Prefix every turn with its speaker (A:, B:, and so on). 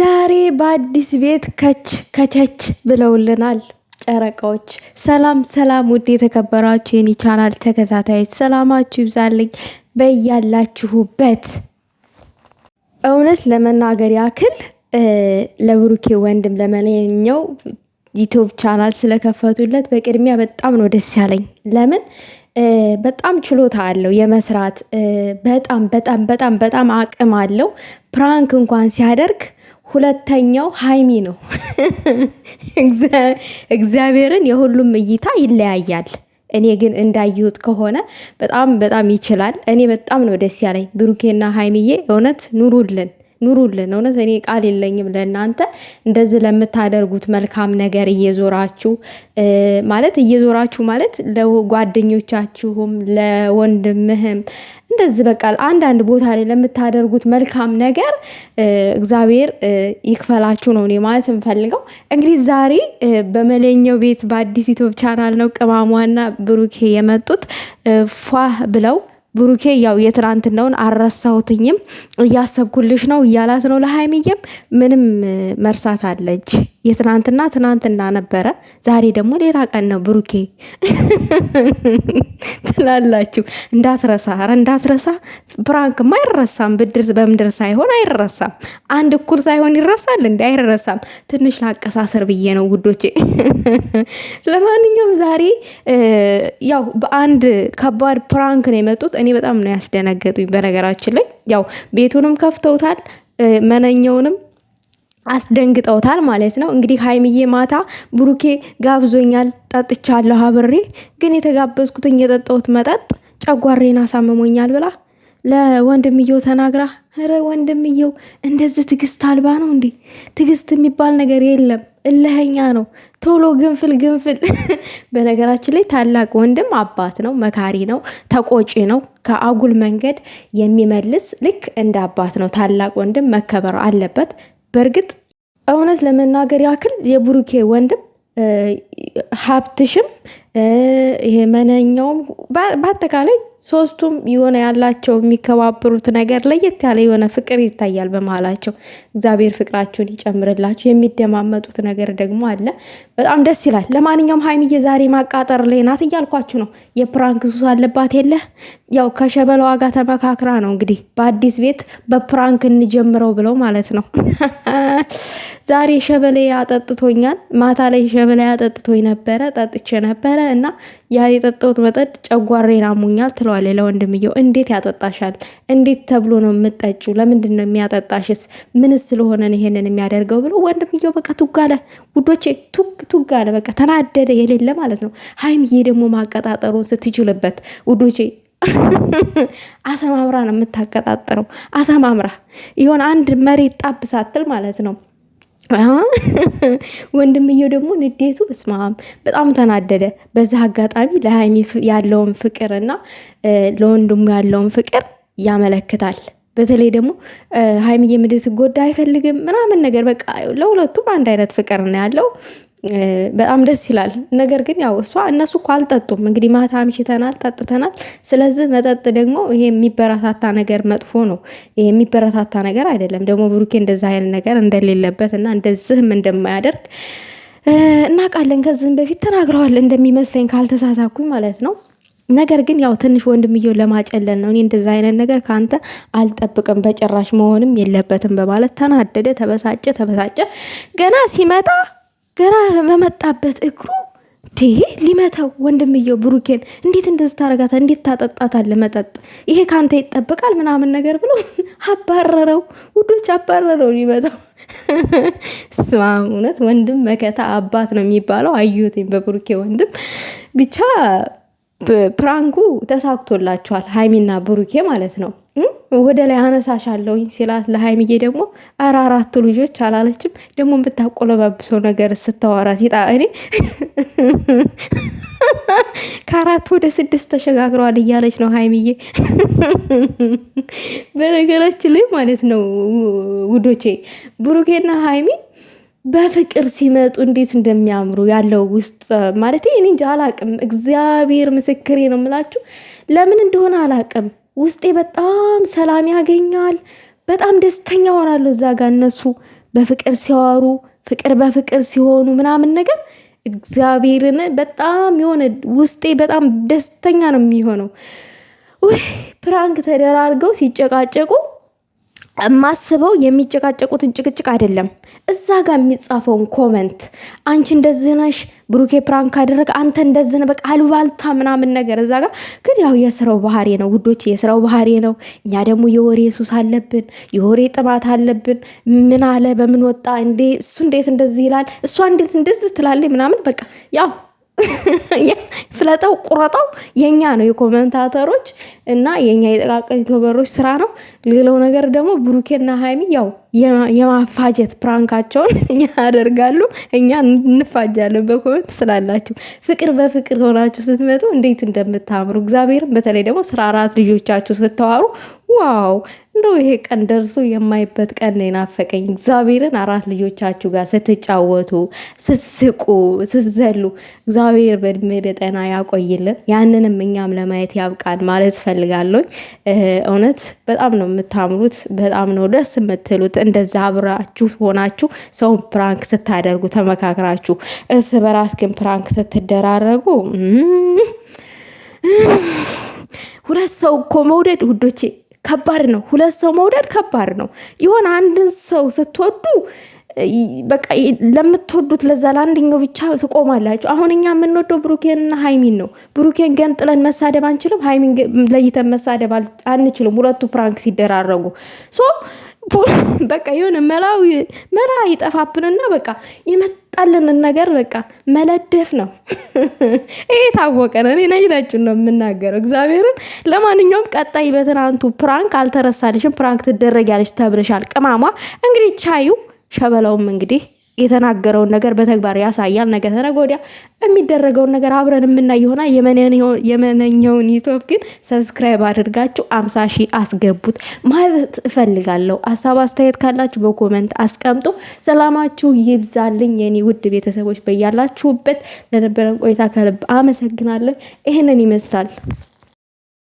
A: ዛሬ በአዲስ ቤት ከች ከቸች ብለውልናል። ጨረቃዎች ሰላም ሰላም! ውድ የተከበራችሁ የኔ ቻናል ተከታታዮች ሰላማችሁ ይብዛልኝ በያላችሁበት። እውነት ለመናገር ያክል ለብሩኬ ወንድም ለመለኛው ዩቱብ ቻናል ስለከፈቱለት በቅድሚያ በጣም ነው ደስ ያለኝ። ለምን በጣም ችሎታ አለው የመስራት በጣም በጣም በጣም በጣም አቅም አለው። ፕራንክ እንኳን ሲያደርግ ሁለተኛው ሀይሚ ነው። እግዚአብሔርን የሁሉም እይታ ይለያያል። እኔ ግን እንዳየሁት ከሆነ በጣም በጣም ይችላል። እኔ በጣም ነው ደስ ያለኝ። ብሩኬና ሀይሚዬ እውነት ኑሩልን። ኑሩልን። እውነት እኔ ቃል የለኝም ለእናንተ እንደዚህ ለምታደርጉት መልካም ነገር እየዞራችሁ ማለት እየዞራችሁ ማለት ለጓደኞቻችሁም ለወንድምህም እንደዚህ በቃል አንዳንድ ቦታ ላይ ለምታደርጉት መልካም ነገር እግዚአብሔር ይክፈላችሁ ነው እኔ ማለት የምፈልገው። እንግዲህ ዛሬ በመለኛው ቤት በአዲስ ኢትዮፕ ቻናል ነው ቅማሟና ብሩኬ የመጡት ፏህ ብለው ብሩኬ ያው የትናንትናውን አረሳሁትኝም እያሰብኩልሽ ነው እያላት ነው። ለሀይሚዬም ምንም መርሳት አለች የትናንትና ትናንትና ነበረ፣ ዛሬ ደግሞ ሌላ ቀን ነው ብሩኬ ትላላችሁ። እንዳትረሳ፣ ኧረ እንዳትረሳ። ፕራንክም አይረሳም፣ ብድር በምድር ሳይሆን አይረሳም። አንድ እኩል ሳይሆን ይረሳል እንዲ አይረሳም። ትንሽ ላቀሳሰር ብዬ ነው ውዶቼ። ለማንኛውም ዛሬ ያው በአንድ ከባድ ፕራንክ ነው የመጡት። እኔ በጣም ነው ያስደነገጡኝ። በነገራችን ላይ ያው ቤቱንም ከፍተውታል መነኛውንም አስደንግጠውታል ማለት ነው። እንግዲህ ሀይምዬ ማታ ብሩኬ ጋብዞኛል ጠጥቻለሁ አብሬ ግን የተጋበዝኩትን የጠጣሁት መጠጥ ጨጓሬን አሳምሞኛል ብላ ለወንድምየው ተናግራ፣ ኧረ ወንድምየው እንደዚህ ትዕግስት አልባ ነው እንዴ? ትዕግስት የሚባል ነገር የለም። እልኸኛ ነው። ቶሎ ግንፍል ግንፍል። በነገራችን ላይ ታላቅ ወንድም አባት ነው፣ መካሪ ነው፣ ተቆጪ ነው፣ ከአጉል መንገድ የሚመልስ ልክ እንደ አባት ነው። ታላቅ ወንድም መከበር አለበት። በእርግጥ እውነት ለመናገር ያክል የብሩኬ ወንድም ሀብትሽም ይሄ መነኛውም በአጠቃላይ ሶስቱም የሆነ ያላቸው የሚከባበሩት ነገር ለየት ያለ የሆነ ፍቅር ይታያል በመሀላቸው። እግዚአብሔር ፍቅራችሁን ይጨምርላችሁ። የሚደማመጡት ነገር ደግሞ አለ። በጣም ደስ ይላል። ለማንኛውም ሀይሚዬ ዛሬ ማቃጠር ላይ ናት እያልኳችሁ ነው። የፕራንክ ሱስ አለባት የለ ያው ከሸበላዋ ጋር ተመካክራ ነው እንግዲህ በአዲስ ቤት በፕራንክ እንጀምረው ብለው ማለት ነው። ዛሬ ሸበላ አጠጥቶኛል። ማታ ላይ ሸበላ አጠጥቶኝ ነበረ፣ ጠጥቼ ነበረ እና ያ የጠጠውት መጠጥ ጨጓሬን አሞኛል ትለዋለ ለወንድምየው። እንዴት ያጠጣሻል? እንዴት ተብሎ ነው የምጠጩ? ለምንድን ነው የሚያጠጣሽስ? ምንስ ስለሆነ ይሄንን የሚያደርገው ብሎ ወንድምየው በቃ ቱጋለ ውዶቼ፣ ቱጋለ በቃ ተናደደ የሌለ ማለት ነው። ሀይምዬ ደግሞ ማቀጣጠሩን ስትችልበት ውዶቼ አሰማምራ ነው የምታቀጣጥረው። አሰማምራ ይሆን አንድ መሬት ጣብ ሳትል ማለት ነው። ወንድምየው ደግሞ ንዴቱ በስማም በጣም ተናደደ። በዛ አጋጣሚ ለሀይሚ ያለውን ፍቅር እና ለወንድሙ ያለውን ፍቅር ያመለክታል። በተለይ ደግሞ ሀይሚዬ ምድር ትጎዳ አይፈልግም ምናምን ነገር በቃ ለሁለቱም አንድ አይነት ፍቅር ነው ያለው። በጣም ደስ ይላል። ነገር ግን ያው እሷ እነሱ እኮ አልጠጡም። እንግዲህ ማታ አምሽተናል፣ ጠጥተናል። ስለዚህ መጠጥ ደግሞ ይሄ የሚበረታታ ነገር መጥፎ ነው። ይሄ የሚበረታታ ነገር አይደለም። ደግሞ ብሩኬ እንደዛ አይነት ነገር እንደሌለበት እና እንደዚህም እንደማያደርግ እናውቃለን። ከዚህም በፊት ተናግረዋል እንደሚመስለኝ ካልተሳሳኩኝ ማለት ነው። ነገር ግን ያው ትንሽ ወንድምየው ለማጨለል ነው። እኔ እንደዛ አይነት ነገር ከአንተ አልጠብቅም በጭራሽ መሆንም የለበትም በማለት ተናደደ፣ ተበሳጨ ተበሳጨ ገና ሲመጣ ገና በመጣበት እግሩ ዴ ሊመተው ወንድምየው ብሩኬን እንዴት እንደዚህ ታረጋታ? እንዴት ታጠጣታለ? መጠጥ ይሄ ከአንተ ይጠበቃል ምናምን ነገር ብሎ አባረረው። ውዶች አባረረው ሊመተው ስማ፣ እውነት ወንድም መከታ አባት ነው የሚባለው። አዩትኝ በብሩኬ ወንድም ብቻ ፕራንኩ ተሳክቶላቸዋል፣ ሀይሚና ብሩኬ ማለት ነው። ወደ ላይ አነሳሻለሁኝ ሲላት ለሀይምዬ ደግሞ ኧረ አራቱ ልጆች አላለችም። ደግሞ የምታቆለባብሰው ነገር ስታወራት ይጣ እኔ ከአራት ወደ ስድስት ተሸጋግረዋል እያለች ነው ሀይምዬ። በነገራችን ላይ ማለት ነው ውዶቼ ብሩኬና ሀይሚ በፍቅር ሲመጡ እንዴት እንደሚያምሩ ያለው ውስጥ ማለት እኔ እንጂ አላቅም። እግዚአብሔር ምስክሬ ነው የምላችሁ ለምን እንደሆነ አላቅም። ውስጤ በጣም ሰላም ያገኛል። በጣም ደስተኛ ሆናለሁ። እዛ ጋር እነሱ በፍቅር ሲያወሩ ፍቅር በፍቅር ሲሆኑ ምናምን ነገር እግዚአብሔርን በጣም የሆነ ውስጤ በጣም ደስተኛ ነው የሚሆነው። ውይ ፕራንክ ተደራርገው ሲጨቃጨቁ ማስበው የሚጨቃጨቁትን ጭቅጭቅ አይደለም፣ እዛ ጋር የሚጻፈውን ኮመንት አንቺ እንደዚህ ነሽ፣ ብሩኬ ፕራንክ አደረገ፣ አንተ እንደዚህ ነህ፣ በቃ አሉባልታ ምናምን ነገር እዛ ጋር ግን ያው የስራው ባህሪ ነው ውዶች፣ የስራው ባህሪ ነው። እኛ ደግሞ የወሬ ሱስ አለብን፣ የወሬ ጥማት አለብን። ምን አለ፣ በምን ወጣ፣ እሱ እንዴት እንደዚህ ይላል፣ እሷ እንዴት እንደዚህ ትላለች ምናምን በቃ ያው ፍለጠው ቁረጠው የኛ ነው የኮመንታተሮች እና የኛ የጠቃቀኝ ዩቱበሮች ስራ ነው። ሌላው ነገር ደግሞ ብሩኬና ሀይሚ ያው የማፋጀት ፕራንካቸውን እኛ ያደርጋሉ፣ እኛ እንፋጃለን። በኮመንት ስላላችሁ ፍቅር በፍቅር ሆናችሁ ስትመጡ እንዴት እንደምታምሩ እግዚአብሔርን። በተለይ ደግሞ ስለ አራት ልጆቻችሁ ስተዋሩ ዋው! እንደው ይሄ ቀን ደርሶ የማይበት ቀን ነው የናፈቀኝ። እግዚአብሔርን አራት ልጆቻችሁ ጋር ስትጫወቱ፣ ስትስቁ፣ ስትዘሉ እግዚአብሔር በእድሜ በጤና ያቆይልን። ያንንም እኛም ለማየት ያብቃን ማለት ፈልጋለኝ። እውነት በጣም ነው የምታምሩት፣ በጣም ነው ደስ የምትሉት። እንደዛ አብራችሁ ሆናችሁ ሰውን ፕራንክ ስታደርጉ ተመካክራችሁ፣ እርስ በራስ ግን ፕራንክ ስትደራረጉ ሁለት ሰው እኮ መውደድ ውዶቼ ከባድ ነው። ሁለት ሰው መውደድ ከባድ ነው። የሆነ አንድን ሰው ስትወዱ በቃ ለምትወዱት ለዛ ለአንደኛው ብቻ ትቆማላችሁ። አሁን እኛ የምንወደው ብሩኬንና ሀይሚን ነው። ብሩኬን ገንጥለን መሳደብ አንችልም። ሀይሚን ለይተን መሳደብ አንችልም። ሁለቱ ፕራንክ ሲደራረጉ በቃ የሆነ መላው መላ ይጠፋብንና በቃ የመጣልንን ነገር በቃ መለደፍ ነው። ይሄ ታወቀ ነው። እኔ ነጅናችን ነው የምናገረው እግዚአብሔርን። ለማንኛውም ቀጣይ በትናንቱ ፕራንክ አልተረሳልሽም፣ ፕራንክ ትደረጊያለሽ ተብለሻል። ቅማሟ እንግዲህ ቻዩ ሸበላውም እንግዲህ የተናገረውን ነገር በተግባር ያሳያል። ነገ ተነጎዲያ የሚደረገውን ነገር አብረን የምናይ ይሆናል። የመነኛውን ዩቲዩብ ግን ሰብስክራይብ አድርጋችሁ አምሳ ሺህ አስገቡት ማለት እፈልጋለሁ። ሀሳብ አስተያየት ካላችሁ በኮመንት አስቀምጡ። ሰላማችሁ ይብዛልኝ የኔ ውድ ቤተሰቦች፣ በያላችሁበት ለነበረን ቆይታ ከልብ አመሰግናለሁ። ይህንን ይመስላል።